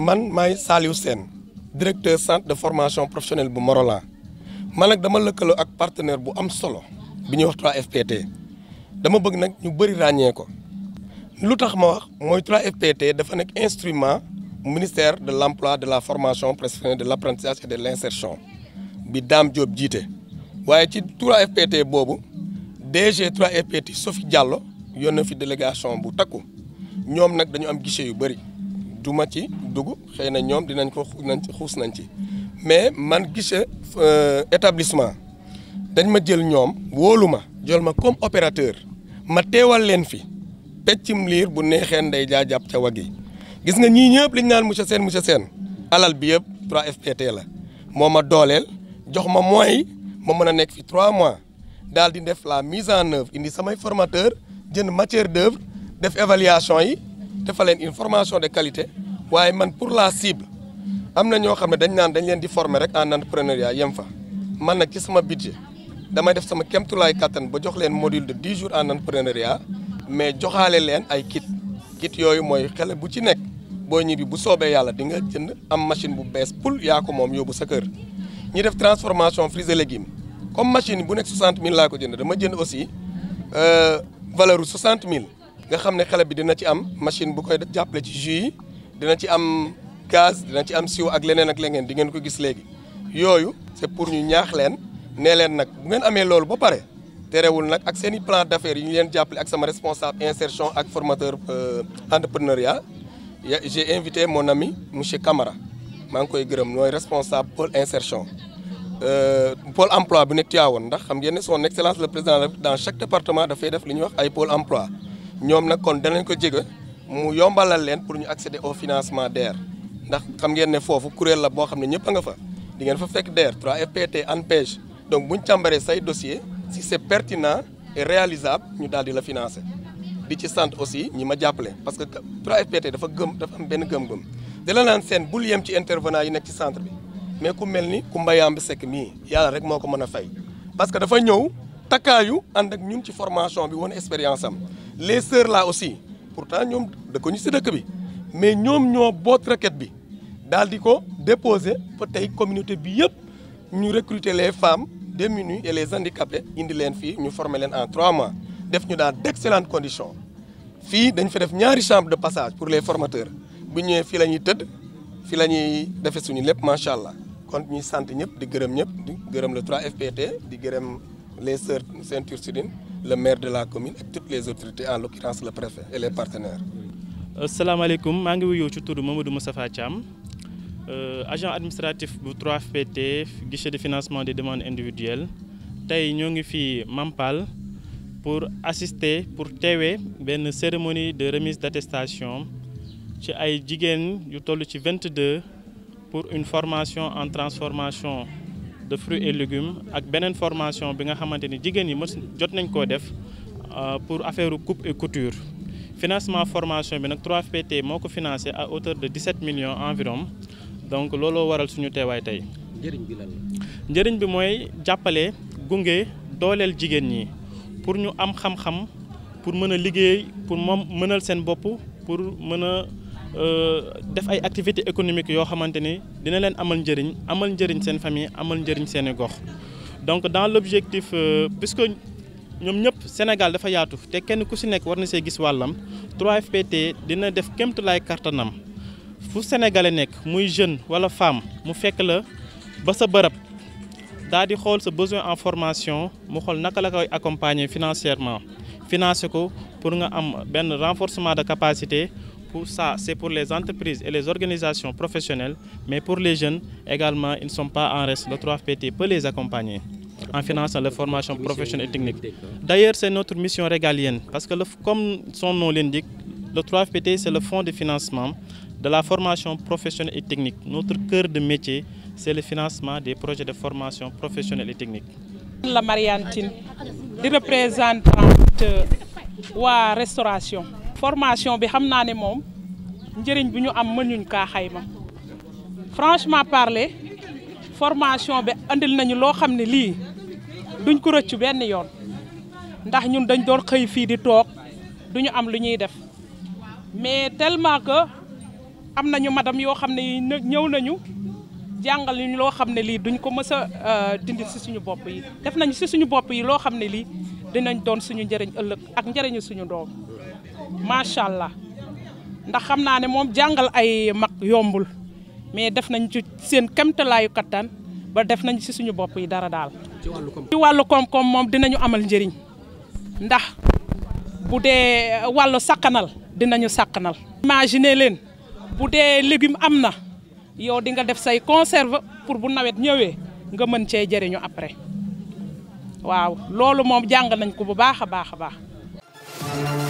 man maay Saliou seen directeur centre de formation professionnelle bu Morolan man nag dama lëkkaloo ak partenaire bu am solo bi ñuy wax 3FPT dama bëgg nag ñu bëri ràññee ko lu tax ma wax mooy 3FPT dafa nekk instrument ministère de l' emploi de la formation professionnelle de l' apprentissage de l' insertion bi Dame Diop jiite waaye ci 3FPT boobu DG 3FPT Sophie Diallo yónnee fi délégation bu takku ñoom nag dañu am guichet yu bëri. du ma ci dugg xëy na ñoom dinañ ko nañ ci xuus nañ ci mais man guichet établissement dañ ma jël ñoom wóolu ma jël ma comme opérateur ma teewal leen fi peccum liir bu neexee nday jaa jàpp ca wagg yi gis nga ñii ñëpp liñ naan monsieur Sène monsieur Sène alal bi yëpp 3FPT la moo ma dooleel jox ma moyens ma mën a nekk fi trois mois daal di def la mise en œuvre indi samay formateur jënd matière d'œuvre def évaluation yi defal leen une formation de qualité waaye man pour la cible am na ñoo xam ne dañ naan dañ leen di former rek en entrepreneuriat yem fa man nag ci sama budget damay def sama kemtulaay kattan ba jox leen module de 10 jour en entrepreneuriat mais joxaale leen ay kit kit yooyu mooy xale bu ci nekk boo ñibbi bu soobee yàlla di nga jënd am machine bu bees pul yaa ko moom yóbbu sa kër ñi def transformation fruits et légumes comme machine bu nekk 60 000 laa ko jënd dama jënd aussi euh, valeur bu 60 nga xam ne xale bi dina ci am machine bu koy jàppale ci jus yi dina ci am gaz dina ci am siw ak leneen ak leneen di ngeen ko gis léegi yooyu c'est pour ñu ñaax leen nee leen nag bu ngeen amee loolu ba pare terewul nag ak seen i plan d'affaires yi ñu leen jàppale ak sama responsable insertion ak formateur euh, entrepreneuriat j'ai invité mon ami monsieur Camara maa ngi koy gërëm mooy responsable pôle insertion euh, pôle emploi bu nekk Tivaouane ndax xam ngeen dafay def li ñuy wax ay pôle ñoom nag kon danañ ko jege mu yombalal leen pour ñu accéder au financement DER ndax xam ngeen ne foofu kuréel la boo xam ne ñëpp a nga fa di ngeen fa fekk DER 3FPT ANPEJ donc buñ càmbaree say dossier si c'est pertinent et réalisable ñu daal di la financer di ci sant aussi ñi ma jàppale parce que 3FPT dafa gëm dafa am benn gëm-gëm di la naan seen bul yem ci intervenant yi nekk ci centre bi mais ku mel ni ku mbayaam bi sekk mii yàlla rek moo ko mën a fay parce que dafa ñëw takkaayu ànd ak ñun ci formation bi woon expérience am les sœurs la aussi pourtant ñoom dëkkuñu si dëkk bi mais ñoom ñoo boot requête bi daal di ko déposer ba tey communauté bi yëpp ñu recruter les femmes démunies et les handicapés indi leen fii ñu former leen en trois mois def ñu dans d'excellentes conditions fii dañ fa def ñaari chambre de passage pour les formateurs bu ñëwee fii la ñuy tëdd fii la ñuy defee suñu lépp macha allah kon ñuy sant ñëpp di gërëm ñëpp di gërëm le 3FPT di gërëm les sœurs ceinture sudine le maire de la commune ak toutes les autorités en l'occurrence le préfet et les partenaires. Euh, salaamaaleykum maa ngi wuyoo ci turu Mamadou Moustapha Thiam euh, agent administratif bu 3FPT guichet de financement des demande individuelles tey ñoo ngi fi Mampal pour assister pour teewee benn cérémonie de remise d'attestation ci ay jigéen yu toll ci 22 pour une formation en transformation. de fruits et légumes ak beneen formation bi nga xamante ni jigéen yi mës jot nañ koo def euh, pour affaire coupe et couture financement formation bi nag 3FPT moo ko financé à hauteur de 17 millions environ donc looloo waral suñu teewaay tey. njëriñ bi la. njëriñ bi mooy jàppale gunge dooleel jigéen ñi pour ñu am xam-xam pour mën a liggéey pour moom mënal seen bopp pour mën a. Euh, def ay activités économiques yoo xamante ni dina leen amal njëriñ amal njëriñ seen famille amal njëriñ seen i gox donc dans l'objectif euh, puisque ñoom ñëpp Sénégal dafa yaatu te kenn ku si nekk war na see gis wàllam 3FPT dina def kéemtulaay kartanam fu sénégalais nekk muy jeune wala femme mu fekk la ba sa bërëb daal di xool sa besoin en formation mu xool naka la koy accompagner financièrement financer ko pour nga am benn renforcement de capacité coup, ça, c'est pour les entreprises et les organisations professionnelles, mais pour les jeunes également, ils ne sont pas en reste. Le 3FPT peut les accompagner en finançant la formation professionnelle et technique. D'ailleurs, c'est notre mission régalienne, parce que le, comme son nom l'indique, le 3FPT, c'est le fonds de financement de la formation professionnelle et technique. Notre cœur de métier, c'est le financement des projets de formation professionnelle et technique. La formation bi xam naa ne moom njëriñ bu ñu am mënuñ kaa xayma franchement parler formation bi andil nañu loo xam ne lii duñ ko rëccu benn yoon ndax ñun dañ doon xëy fii di toog duñu am lu ñuy def mais tellement que am nañu madame yoo xam ne ñëw nañu jàngal ñu loo xam ne lii duñ ko mës a euh, dindi si suñu bopp yi def nañu si suñu bopp yi loo xam ne lii dinañ doon suñu njëriñ ëllëg ak njëriñu suñu doom macha allah ndax xam naa ne moom jàngal ay mag yombul mais def nañ ci seen kamtalaayu kattan ba def nañ ci suñu bopp yi dara daal. ci wàllu koom-koom moom dinañu amal njëriñ ndax bu dee wàllu sakanal dinañu sakkanal. imagine leen bu dee légume am na yow di nga def say conserve pour bu nawet ñëwee nga mën cee jëriñu après waaw loolu moom jàng nañ ko bu baax a baax a baax.